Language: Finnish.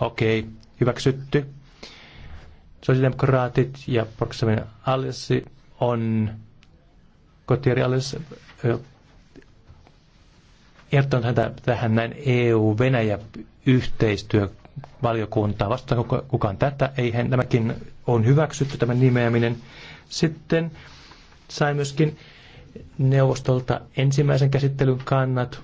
Okei, okay, hyväksytty. Sosiaalidemokraatit ja Proxemin Alessi on Kotieri Alessi ehdottanut häntä tähän näin eu venäjä yhteistyö valiokuntaa. Vastaako kukaan tätä? Eihän tämäkin on hyväksytty, tämä nimeäminen. Sitten sai myöskin neuvostolta ensimmäisen käsittelyn kannat